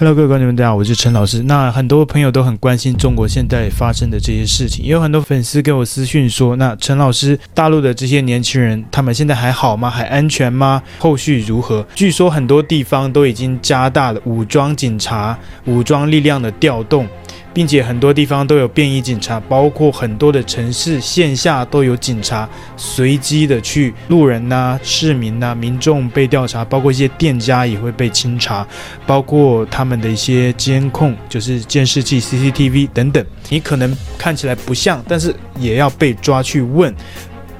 Hello，各位觀眾們，大家好，我是陳老師。那很多朋友都很關心中國現在發生的這些事情，也有很多粉絲給我私信說，那陳老師，大陸的這些年輕人，他們現在還好嗎？還安全嗎？後續如何？據說很多地方都已經加大了武裝警察、武裝力量的調動。並且很多地方都有便衣警察，包括很多的城市線下都有警察隨機的去路人吶、啊、市民吶、啊、民眾被調查，包括一些店家也會被清查，包括他們的一些監控，就是監視器、CCTV 等等。你可能看起來不像，但是也要被抓去問，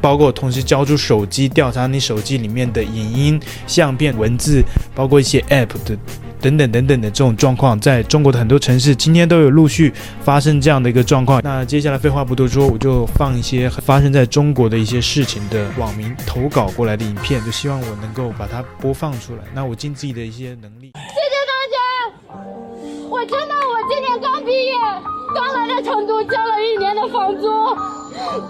包括同時交出手機調查你手機裡面的影音、相片、文字，包括一些 App 的。等等等等的這種狀況，在中國的很多城市，今天都有陸續發生這樣的一個狀況。那接下來廢話不多說，我就放一些發生在中國的一些事情的網民投稿過來的影片，就希望我能夠把它播放出來。那我盡自己的一些能力，謝謝大家。我真的，我今年剛畢業，剛來到成都，交了一年的房租，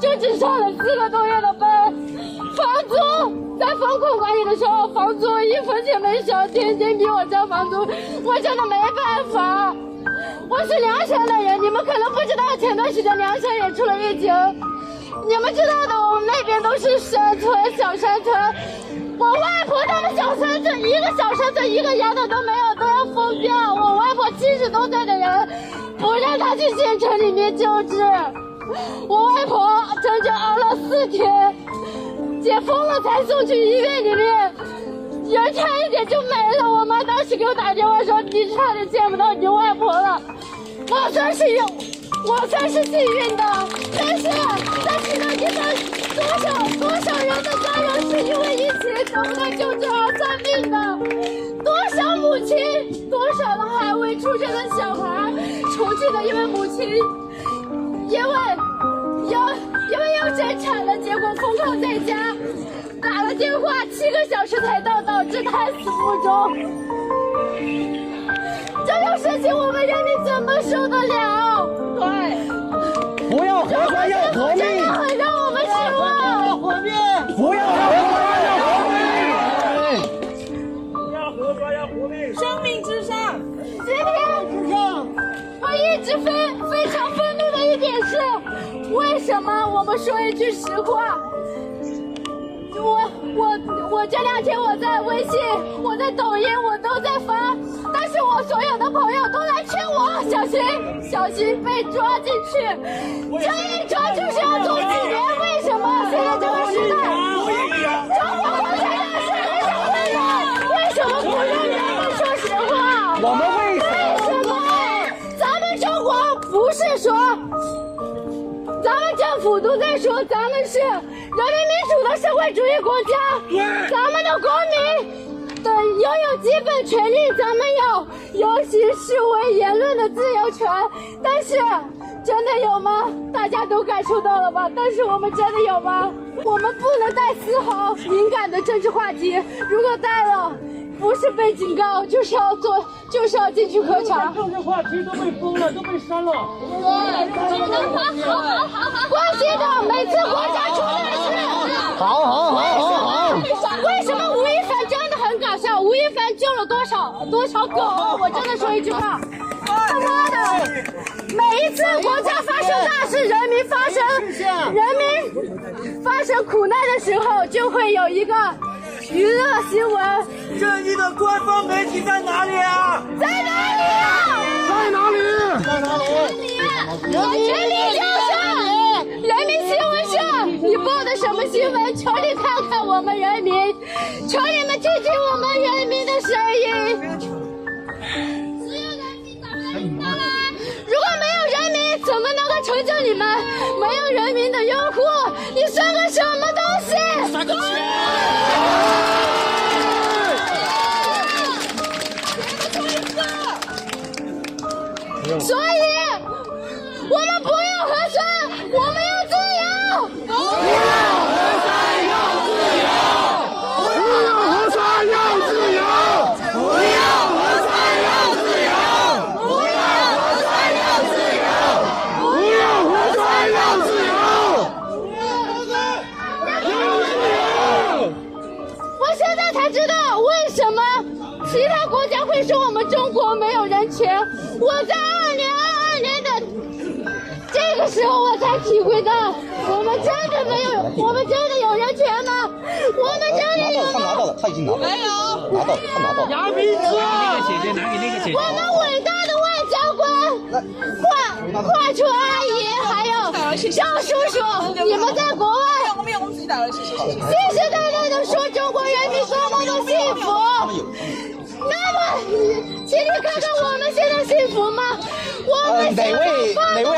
就只上了四個多月的班。房租在封控管理的時候，房租一分錢沒少，天天逼我交房租，我真的沒辦法。我是涼山的人，你們可能不知道，前段時間涼山也出了疫情。你們知道的，我們那邊都是山村，小山村，我外婆他們小山村，一個小山村一個牙都都沒有，都要封掉。我外婆七十多歲的人，不讓她去縣城裡面救治，我外婆整整熬、啊、了四天。解封了才送去醫院裡面，人差一點就沒了。我媽當時給我打電話說：“你差點見不到你外婆了。”我算是有，我算是幸運的。但是，但是你知道多少多少人的家人是因為疫情得不到救治而喪命的？多少母親，多少的還未出生的小孩？重慶的一位母親，因為有。因為要生產了，結果封控在家，打了電話七個小時才到導，導致胎死腹中。這種事情，我們人民怎麼受得了？我們說一句實話，我我我這兩天我在微信，我在抖音，我都在發，但是我所有的朋友都來勸我小心，小心被抓進去，這一抓就是要坐幾年，為什麼？現在這個時代。我都在說：“咱們是人民民主的社會主義國家，咱們的公民的、呃、擁有基本權利，咱們有遊行示威言論的自由權。但是，真的有嗎？大家都感受到了吧？但是我們真的有嗎？我們不能帶絲毫敏感的政治話題，如果帶了。”不是被警告，就是要做，就是要進去喝茶。政治話題都被封了，都被刪了。只能發，好好好，關心的，每次國家出大事，好好好好好，為什麼？為什麼吳亦凡真的很搞笑？吳亦凡救了多少多少狗？好我真的說一句話，他媽的，每一次國家發生大事，人民發生人民發生苦難的時候，就會有一個。娛樂新聞，正義的官方媒體在哪裡啊？在哪裡啊？在哪裡？在哪裡？人民，人民之聲，人民新聞社，你報的什麼新聞？求你看看我們人民，求你們聽聽我們人民的聲音。只有人民打不倒你。如果沒有人民，怎麼能夠成就你們？沒有人民的擁護，你算個什麼？之後我才體會到，我們真的沒有，我們真的有人權嗎？我們真的有人嗎？他拿拿沒有拿哥，我們偉大的外交官，華華春阿姨，還有趙叔叔，你們在國外，我們用我的謝謝。實實在在的說，中國人民多麼的幸福。那麼，請你看看我們現在幸福嗎？我們幸福嗎？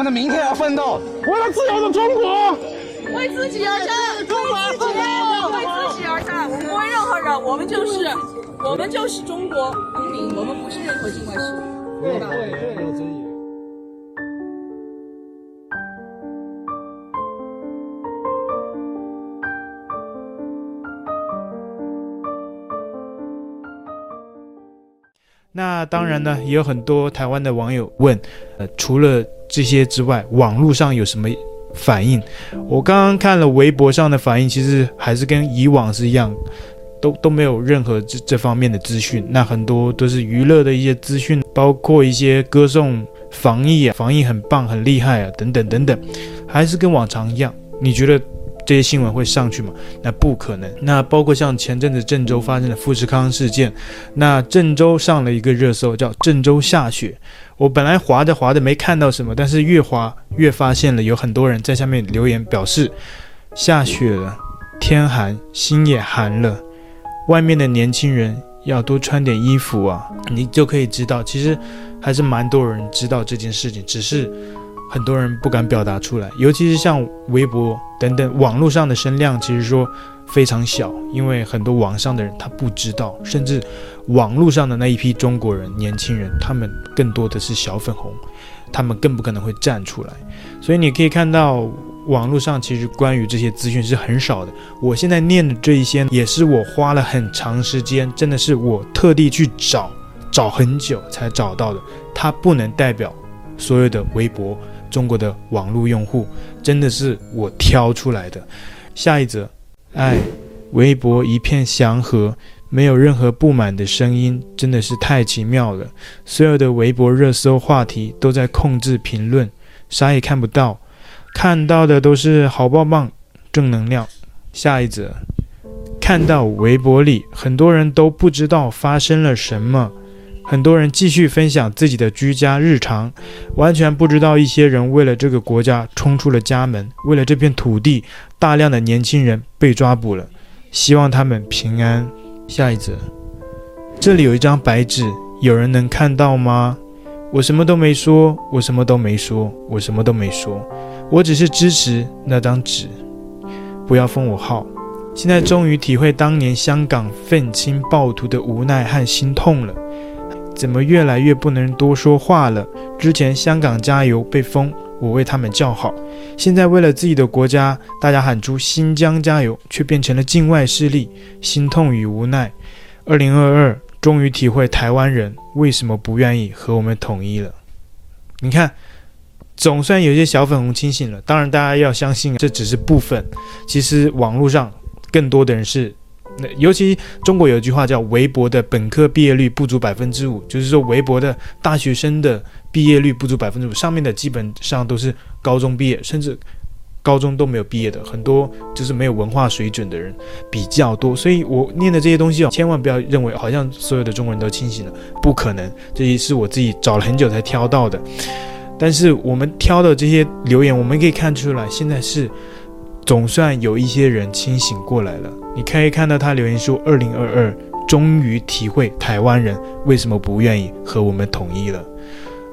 為了明天要奮鬥，為了自由的中國，為自己而戰，對為中國對為自己而戰，好不，好不為任何人。我們就是，我們就是中國公民，我們不是任何境外勢力，對吧？對對，那當然呢，也有很多台灣的網友問，呃，除了。這些之外，網絡上有什麼反應？我剛剛看了微博上的反應，其實還是跟以往是一樣，都都沒有任何這這方面的資訊。那很多都是娛樂的一些資訊，包括一些歌頌防疫啊，防疫很棒、很厲害啊，等等等等，還是跟往常一樣。你覺得？這些新聞會上去嗎？那不可能。那包括像前陣子鄭州發生的富士康事件，那鄭州上了一個熱搜，叫“鄭州下雪”。我本來滑着滑着沒看到什麼，但是越滑越發現了，有很多人在下面留言表示，下雪了，天寒，心也寒了，外面的年輕人要多穿點衣服啊。你就可以知道，其實還是蠻多人知道這件事情，只是。很多人不敢表達出來，尤其是像微博等等網絡上的聲量，其實說非常小，因為很多網上的人他不知道，甚至網絡上的那一批中國人年輕人，他們更多的是小粉紅，他們更不可能會站出來，所以你可以看到網絡上其實關於這些資訊是很少的。我現在念的這一些，也是我花了很長時間，真的是我特地去找，找很久才找到的，它不能代表所有的微博。中國的網絡用戶真的是我挑出來的。下一則，哎，微博一片祥和，沒有任何不滿的聲音，真的是太奇妙了。所有的微博熱搜話題都在控制評論，啥也看不到，看到的都是好棒棒，正能量。下一則，看到微博裡很多人都不知道發生了什麼。很多人繼續分享自己的居家日常，完全不知道一些人為了這個國家衝出了家門，為了這片土地，大量的年輕人被抓捕了。希望他們平安。下一則，這裡有一張白紙，有人能看到嗎？我我什麼都沒說，我什麼都沒說，我什麼都沒說，我只是支持那張紙。不要封我號。現在終於體會當年香港憤青暴徒的無奈和心痛了。怎麼越來越不能多說話了？之前香港加油被封，我為他們叫好；現在為了自己的國家，大家喊出新疆加油，卻變成了境外勢力，心痛與無奈。二零二二，終於體會台灣人為什麼不願意和我們統一了。你看，總算有些小粉紅清醒了。當然，大家要相信啊，這只是部分。其實網絡上更多的人是。尤其中國有一句話叫“微博”的本科畢業率不足百分之五，就是說微博的大學生的畢業率不足百分之五。上面的基本上都是高中畢業，甚至高中都沒有畢業的，很多就是沒有文化水準的人比較多。所以我念的這些東西啊、哦，千萬不要認為好像所有的中國人都清醒了，不可能。這些是我自己找了很久才挑到的，但是我們挑的這些留言，我們可以看出來，現在是。總算有一些人清醒過來了。你可以看到他留言說：“二零二二，終於體會台灣人為什麼不願意和我們統一了。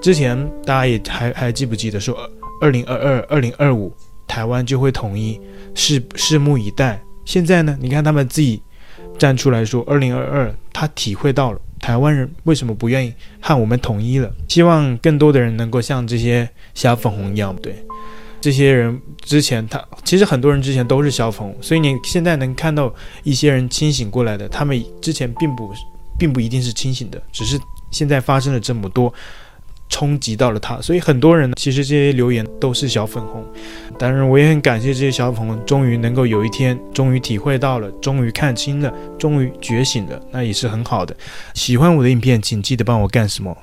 之前大家也還還記不記得說，二零二二、二零二五，台灣就會統一，拭拭目以待。現在呢，你看他們自己站出來說，二零二二，他體會到了台灣人為什麼不願意和我們統一了。希望更多的人能夠像這些小粉紅一樣，對。”這些人之前他，他其實很多人之前都是小粉紅，所以你現在能看到一些人清醒過來的，他們之前並不，並不一定是清醒的，只是現在發生了這麼多，衝擊到了他，所以很多人其實這些留言都是小粉紅。當然，我也很感謝這些小粉紅，終於能夠有一天，終於體會到了，終於看清了，終於覺醒了，那也是很好的。喜歡我的影片，請記得幫我幹什麼？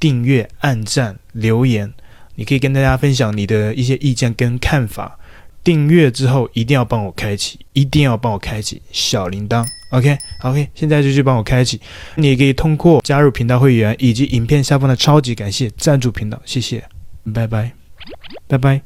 訂閱、按讚、留言。你可以跟大家分享你的一些意見跟看法，訂閱之後一定要幫我開啟，一定要幫我開啟小鈴鐺，OK，OK，現在就去幫我開啟。你也可以通過加入頻道會員以及影片下方的超級感謝贊助頻道，謝謝，拜拜，拜拜。